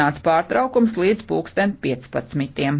Nāca pārtraukums līdz pulksten 15.